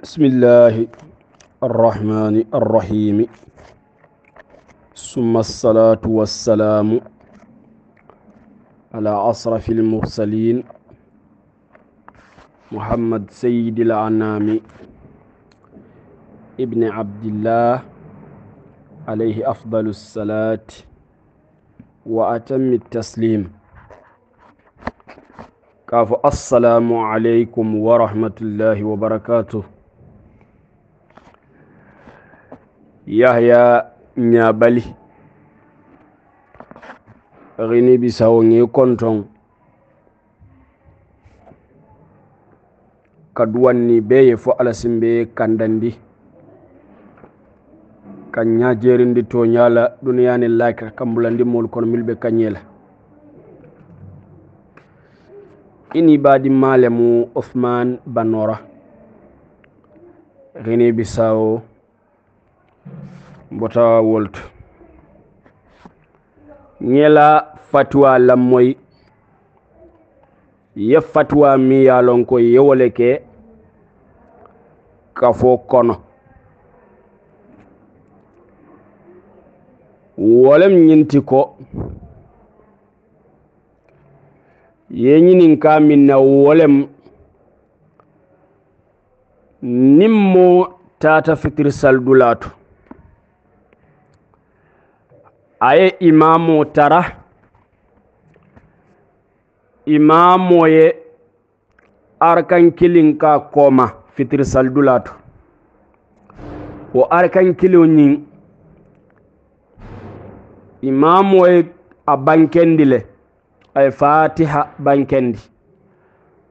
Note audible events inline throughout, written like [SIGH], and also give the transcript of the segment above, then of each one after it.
بسم الله الرحمن الرحيم ثم الصلاة والسلام على أصرف المرسلين محمد سيد الأنام ابن عبد الله عليه أفضل الصلاة وأتم التسليم كاف السلام عليكم ورحمة الله وبركاته yahya ñabali rini bisawoŋi konton kaduwanni bee ye fo alla simbe kandandi kan ya jerindi toñala duniyani laki kambulandi molu kono mil be kañela ini badi malemu ouhmane banora rini bisawo mbota woltu ñela fatuwa lammoy ye fatuwa mi yalon ko yewole ke kafo kono wolem ñinti ko ye ñinin ka min na wolem nin mo tata fitiri saldulatu a ye imamo tara imamo ye arkan kilin ka koma fitiri saldula to wo arkan kilin ɲin imamo ye a bankendi le a ye fatiha bankendi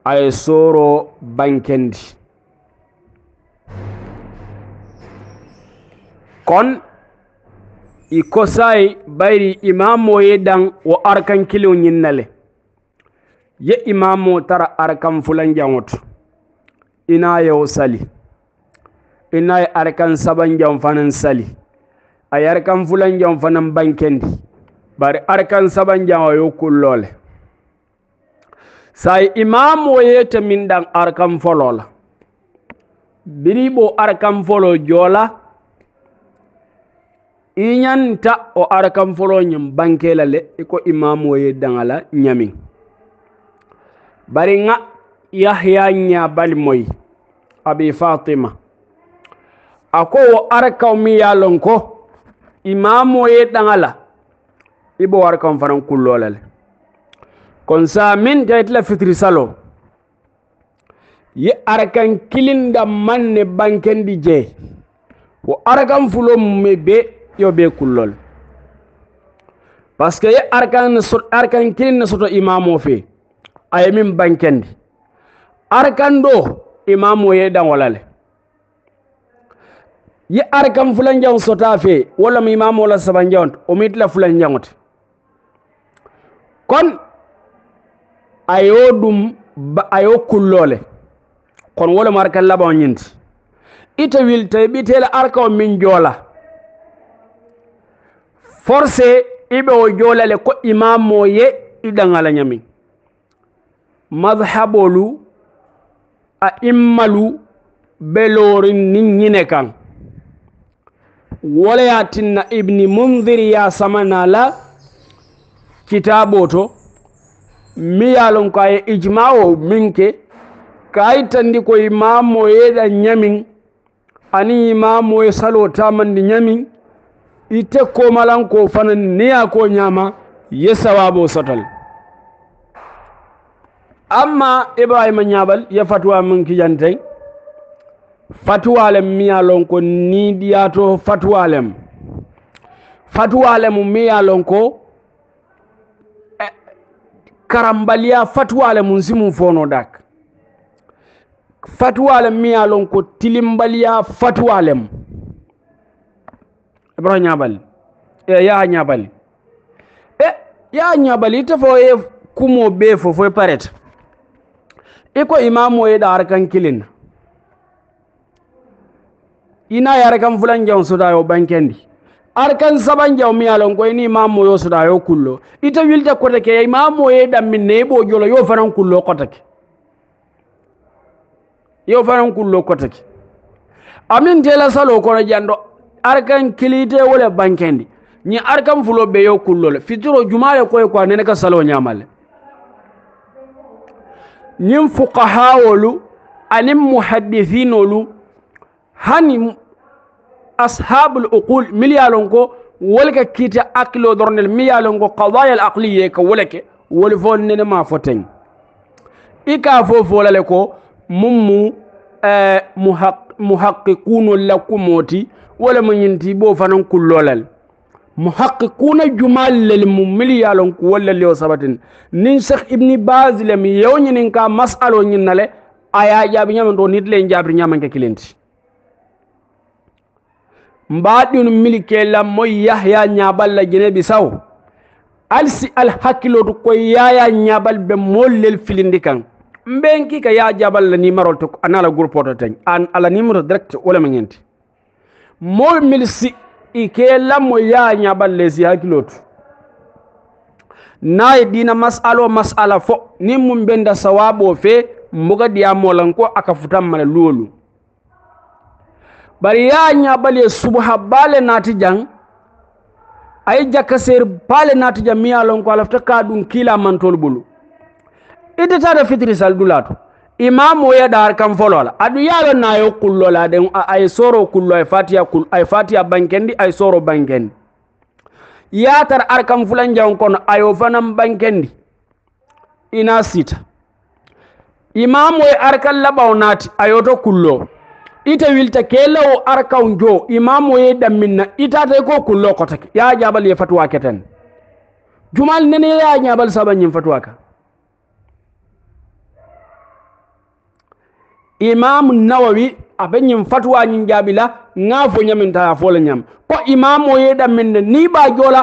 a ye soro bankendi kon i kosayi bayri imamo ye dan wo arkan kiliŋo ñiŋ na le ye imamo tara arkan fulanjaŋo to i na ye wo sali i na ye arkan sabanjaŋo fanaŋ sali a ye arkan fulanjaŋo fanaŋ bankendi bari arkan sabanjaŋo yo kullo le sayi imamo ye te miŋ daŋ arkan folo la biri bo arkan folo joo la iñanta o arakan foloñum bankela le iko imamu wo ye daŋala ñamin bari ŋa yahya ñabali moy abi fatima a ko wo arakaw mi ye lon ko imamu wo ye daŋala i bo arakan faran kullo la le kon sa min ta itila fitiri salo ye arakan kilinda man ne bankendi je wo arakan fulo mu me be haqqi o be kullol par ce que ye arkan kilin ne soto imamo fe aye min bankendi arkan do imamo ye danwalale ye arkan fulanjaw sota fe wallam imamo la sabanjawot omitla fulanjawote kon ayo dum ayo kullole kon wolam arkan labao ñinti ita wiltay ɓitela arkao min joola forcé iɓe o joolale ko imam o ye iɗangalañamin madhabolu a immalu be loorin nin ñine kan wolaya tinna ibni mundir ya samana la kitaɓo to mi yalon ko aye ijma o min ke kayi tandi ko imam o yeɗa ñamin ani imam o ye salo tamandi ñamin i tekko malan ko fana niya ko ñama ye sawabo sotal amma ibrahima ñabal ye fatuwa min kijanten fatuwalem miya lon ko niɗiyato fatuwalem fatuwalem miya lon ko e, karambaliya fatuwale mum simum fono dak fatuwalem miya lon ko tilimbaliya fatuwalem ibra ñaaɓalli e yaha ñaaɓalli e yaha ñaaɓalli itta fo ye kumo ɓee fo foye pareta i ko imamu ye ɗaar kan kilinna ina yaar kan fulan jaw sodayo ɓankendi ar kan saban jaw mi yalon ko ini imamu yo sodayo kullo ita wilta kotake imamu ye ɗammin ne ɓo jolo yo fanan kullo kotake yo fanan kullo kotake amin tela salo kono janɗo arkan kilite wole bankendi ñi arkan fulo ɓe yo kullole fitiro jumale koye ko nene ka salo ñamalle ñin fukahawolu anin muhaddihinolu hani ashabul uqul mil yalon ko wolka kiite akilo dornel mi yalon ko kadayal aqliye ka woleke woli fo nene ma foteng i ka fo folale ko mummu eh, muhaq muhaqiqunol lakkumooti wala mo ñinti boo fanan kulloolal muhaqiquna jumaal lel mu miliyaalon ku wallali o sabatin nin chekh ibni basi lem yew ñinin ka masalo ñin nale a yaa jaabi ñamanto nit le jaabiri ñamanke kilinti mbaɗinu milike lam moy yahya ñaballa jinebi saw alsi alhakkiloto koy yaya ñaɓal ɓe mol lel filindi kan mbeen kii ka yaa jaballe la numéro to a naala groupeoto teñ an ala numéro direct wolema ñenti moo mil si i kee lammo yaa ñaballe si hakkilootu naye ɗiina masalo masala fo nin mum mbennda sawaaboo fee mboga ɗiyamoolan ko aka futan mana luwolu bari yaa ñaballe subaha baale naati jang ay jakka seeri baale naati jang mi yaa lon ko alafta kaa ɗum kiila mantool ɓolu ittetaɗa fitrisal ɗulato imamu ye ɗar kam folola aɗu yaɓe nayo kulloladen ay soro kullo ay fatiya kul ay fatiya bankendi ay soro bankendi yatar ar kam fulan jan kono ayo fanan bankendi ina sita imamu ye ar kan laɓaw nati ayoto kullo ita wilta kelawo ar kan jo imamu ye ɗamminna itatay ko kullo kotake ya jabal ye fatuwa keten jumal nene ya jabal saba ñin fatuwa ka imamu nawawi abe ñin fatuwañin jaɓila ga fo ñamin taya fola ñam ko imam o yeɗan minde ni ɓa jola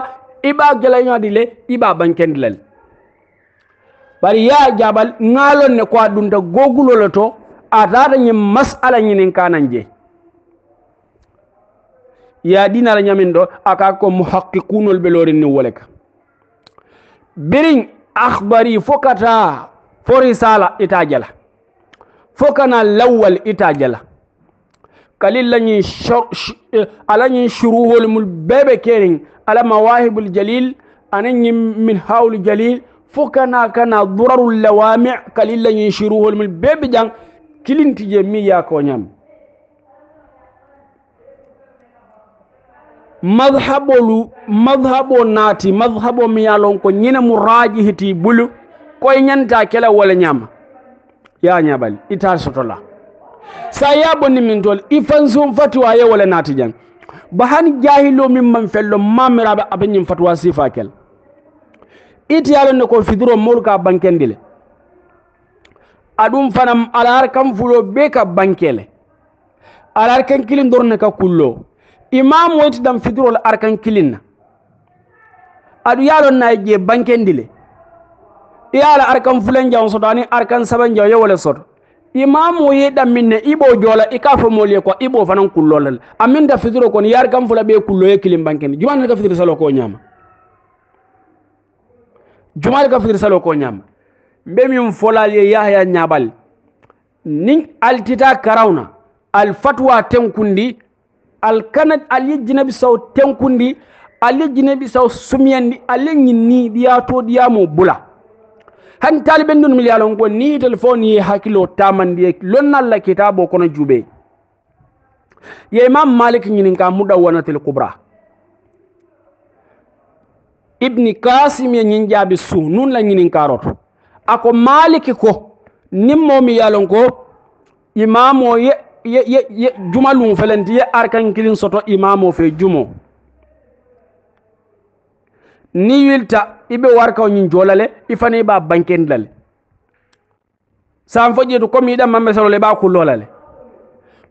iɓa gelañadi le iɓa bankendilal bari ya jaɓal galon ne ko a ɗunta gogulola to a tata ñin masala ñinin kanan je ya ɗinala ñamin ɗo aka ko muhaqi kunol ɓelorin ni wole ka birin ahbari fo kata fo risala ita jala fo kana lawwal itaje la kali lañin eh, alañin suruwol mul beɓe kerin ala mawahibul jalil anañin min hawlu jalil fo kana kana duraru lawami kali lañin suruwol mul beɓe jang kilintije mi yakoñam mahabolu mahabo naati mahabo mi yalon ko ñinemu raji hiti bulu koye ñanta kela wala ñama ya ñaɓal ita sotola sa ya bonni min tol i fansum fatuwa ye wala naati jan ba hani jahilo min man fello mamiraɓe aɓe ñin fatuwa sifa kel itiyalonde ko fiduro molu ka bankendile aɗum fana alahar kan fulo be ka bankele alahar kan kilin dorne ka kullo imamoyti dan fidurol arkan kilinna aɗu yalon naye je bankendile i ye ala arkan fulen jaŋo soto aniŋ arkan saban jaŋo ye wo le soto i maamo ye danminne i ɓo joola i ka fo moolu ye ko i ɓo fanaŋ kulloo le le aminta fisiro kono i ye arkan fula ɓee kulloo ye kilim bankendi juma le ka fisiri salo koo ñaama juma le ka fisiri salo koo ñaama mbe miŋ folaal ye yahaya ñaabal niŋ altita karaw na al fatuwa tenkundi al kana al ye jinabi saw tenkundi al ye jinabi saw sumuyandi al ye ñinni ɗiyaato ɗiyaamo bula hani taliɓendun mi yalon go nidel fo ni ye hakkilo tamandi ye lonnalla kitabo kono juɓe ye imam malik ñininka muɗa wonatel kubra ibni kasim ye ñin jaɓi su nun la ñininkaroto ako maliki ko nin momi yalon ko imamo ye ye ye jumalum felenti ye arkan kilin soto imamo fe jumo ni yilta iɓe warkao ñin joolale ifani ɓa bankendilale san fo ƴeetu comme yiɗan mamɓe sarole ɓa kulloolale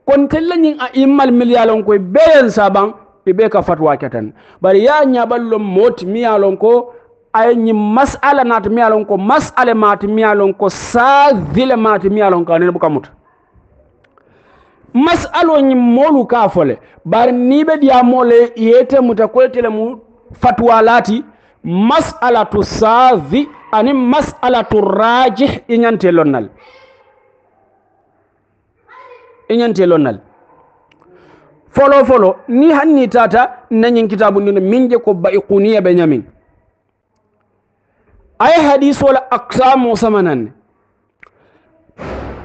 kon tella ñin a immal milliyalon koye ɓeyen saban ɓe ka fatwa ketan bari ya ñaɓallo mooti miyalon ko aye ñin masala naati miyalon ko masala maati miyalon ko sadile maati miyalon ka nene buka muta masalo ñin moolu ka fole bari ni ɓe ɗiya moole yeete muta koye tele mu fatwa laati masalatu saavi ani masalatu raajih iñante lonnal iñante lonnal folo folo ni hanni tata nañin kitabu ndino min je ko bai kuniya ɓe ñamin ay hadisol aksamo samananne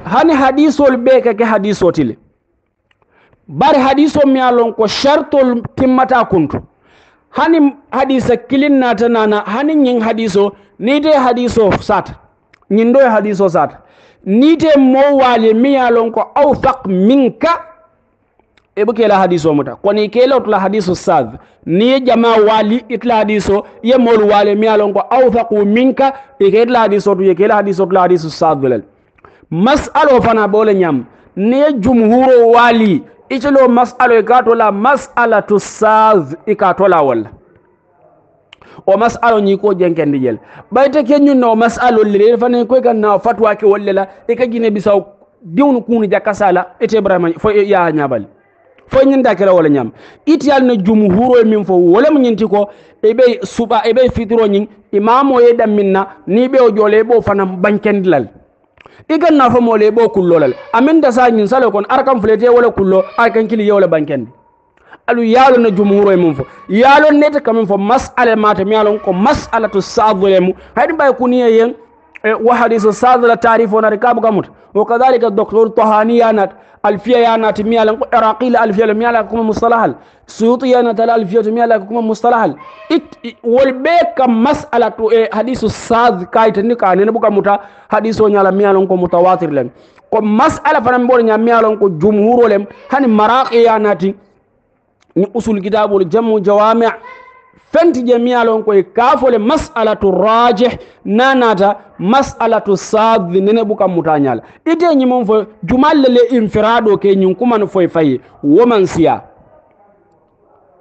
hani hadisol ɓekeke hadisotile bare hadisol miyalon ko chartol timmata kuntu hani hadisa kilin nata nana hani ñing hadis o nite hadis o sat ñin ɗo e hadis o sat nite mowwali miyalon ko aufak minka eɓe kela hadis o muta koni kelotla hadis o sav niye jama wali itla hadis o ye molu wali miyalon ko aufaku minka ikeitla hadis o tu ye kela hadis o tula hadis o sav lel masalo fana ɓole ñam niye jumhuro wali icilo masalo e ga tola masala tu saz ika tola walla o masalo ñi ko jenkendi ƴel ɓayte keñun na o masalo lire fane koy gan na fatwa ke walle la e ka guine ɓisaw diwnu kunu jakkasala ete ibrahima fo e ya ñabali fo e ñinda kela wala ñam ityal na jumhuro min fo wolem ñinti ko eɓe suɓa eɓe fitiro ñing imamo ye ɗammin na ni ɓe o joole ɓo fana bañkendilal igan na fomo le bo kullo lal amin da sa nyin sale kon arkan flete wala kullo arkan kili yola banken alu yalo na jumuuro e mun fo yalo ne kam fo mas'ala mata mi ko mas'alatu sadulemu haydi bay kuniya yen E, wa hadisu sadala tarif onati kaabu kamut wo kadalika docteur tohani yanat alfiya yanati miyalan ko éraqile alfiyalo miyala ko kuma mustalahal suyuti yanatala alfiyato miyala ko kuma mustalahal it wol ɓe kam masala to e hadisu sad kayitani ka nene ɓukamuta hadise o ñala miyalon ko mutawatir len ko masala fanan ɓoto ña miyalon ko jumhurolem hani maraqe yanati ni usul kitabol jammu jawamea fenti je miyalon koye kaafole masalatu rajih nanata masalatu sadi nene ɓuka mutañal ite ñimon fo jumallele infiraɗo ke ñin kuman foye faye woman siya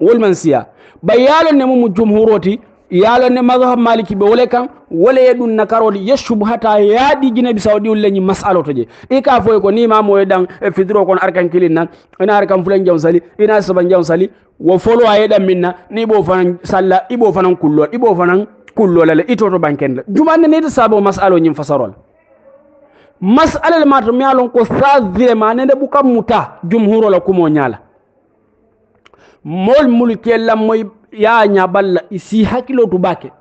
wolman siya ɓay yalo nemumu jumhuroti yaalonde madahab maliki ɓe wole kan woleye ɗum nakarode yeshubu hata yaaɗiji nabi saw ɗiw leñi masalo to je i ka foye ko ni mamoye ɗan e fitiro kon arkan kilin nan ina arkan fulen jam sali ina saba jam sali wo folo a yeɗan min na ni ɓo fanan salla iɓo fanan kullol iɓo fanan kullolala itoto bankenla jumanne nede saabo masalo ñin fasarol masalel ma to mi alon ko sasire ma nende ɓuka muta jumhurola kumo ñala mol mulkiel lammoye ya ñaballa isi hakkilotu bakke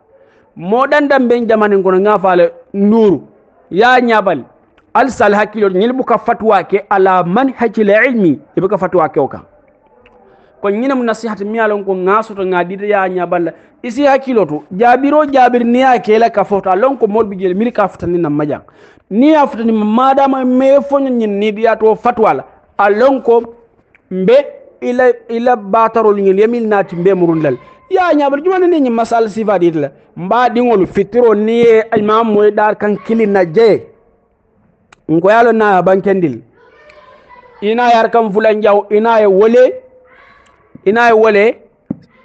ben jamane ngono nga faale nuru ya ñabal alsal hakkilol ñil buka fatwa ke ala man hajil ilmi e ɓuka fatwa ke oka ko ñinam nasihata miyalon ko gasoto ga ɗiɗa ya ñaballa isi hakkilo tu jabiro jabir ni ya kela ka fota lon ko molɓe jeel mil ka futani nam majan ni ya futani madama me foño ñin niɗiya to fatwa a lon ko mbe ila ila batarol ñol yamil naati mbemrun lal ya ñabar juma nani ñi masal sifat yit la mbaɗiŋol fitiro niye imam moy ɗar kan kilina jee nko yalo na bankendil ina yar kan fulan jaw ina ye wole ina ye wole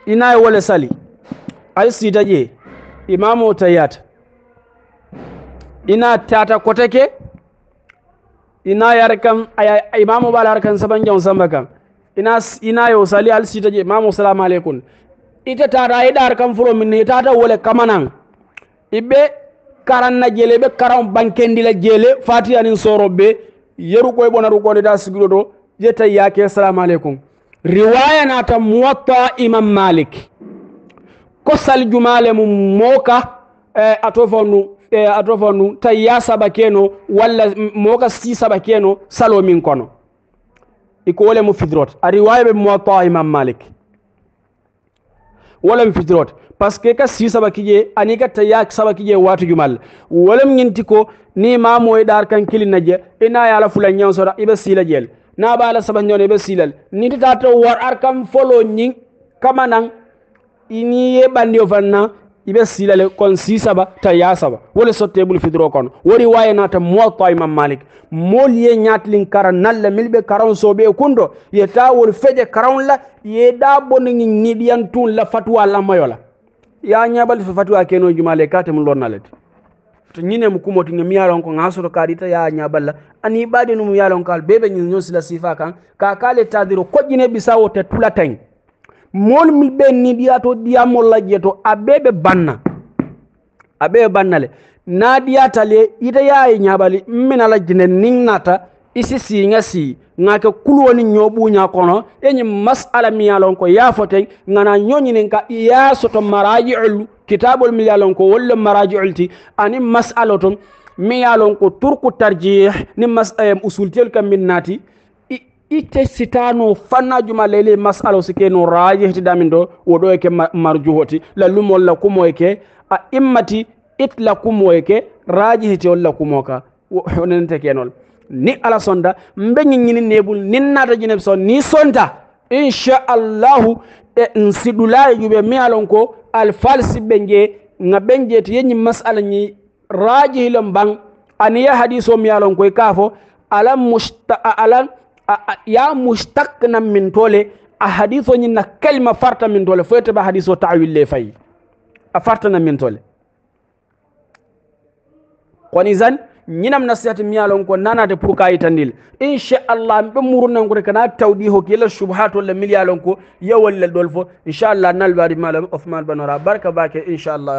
ina ye wole sali al sita je imamo tayata ina tata kotake ina yar kan aya imamo bala yar kan saban jaw samba kan ina ina yo sali al sita je mamu salamu aleykum ite tata ay e dar kam furo min ni e tata wole kamanan ibe karan na jele be karan bankendi la jele fatiya nin soro be yeru koy bona ru koni da sigudo do je tay yake salamu aleykum riwaya na ta muwatta imam malik ko sal jumale mum moka eh, atofonu eh, atofonu tay ya sabakeno walla moka si sabakeno salo min kono iko wole mo fijirot a riwaya ɓe moata imam malik wolem fijirot par ce que ka sii sabakije ani katta ya sabakije watu jumal wolem ñinti ko ni mamoye ɗar kan kili naje ina yala fula ñansora iɓa siila jeel na ɓaala sabañone iɓa siilal nititata war ar kam folo ñing kamanan ini ye ɓandi o fan na iɓe silale kon si saba ta ya saba wole sotte ɓol fidoro kono wori wayanata moto imam malik molie ñatilin kara nalla milɓe karan soɓe kundo yeta wol feƴe karan la yeɗa bonni niɗiyan tun la fatuwa lamayola ya ñabalde fo fatuwa keno jumale katemu lornalede to ñinemo kumotie mi yalonko gasoto kaɗita ya ñaballa ani ɓade numu yalonkal beɓe ñon sila sifa kan ka kale tadiro koƴƴine ɓisawo te tula teng moolu mi ɓe ni ɗiyato ɗiyamol lajje to aɓe ɓe banna aɓe ɓe banna le na ɗiyatale ita yaye ñaɓali mmina lajjinde nin nata isi si ga si gake kulwoni ñoɓuña kono eñi masala miya lon ko yafoten gana ñoñinin ka yasoto maraji ollu kitabol miya lon ko wollo maraji olti ani masala ton miya lon ko turku tardjih ni mas usultel kam min naati itte sitano fannaju ma leyle masala si ke no raje hetidamin ɗo woɗo eke marjuhoti lallumol la kumo eke a immati it la kumo eke raje heti olla kumo ka [LAUGHS] onenete kenol ni ala sonda mbe ñiñini nebul nin nata jineɓ so ni sonta inchallahu e n siɗulaye juɓe mi alon ko alfal siɓɓe je ga ɓen je to yeñi masala ñi raje hilo mban aniya hadis o mi alon koye kaa fo alan mustaalan ya mustak nan min tole a hadise ñinna kalima farta min tole foye teɓa hadise o tawille fayi a fartanan min tole koni zan ñinam nasihati miyalon ko nanade pour kayitandil inchallah mɓe murunankude kana tawɗi ho kila subhatolle milyalon ko yewollel ɗol fo inchallah nalbadi malam ousmane banora barka bake inchallah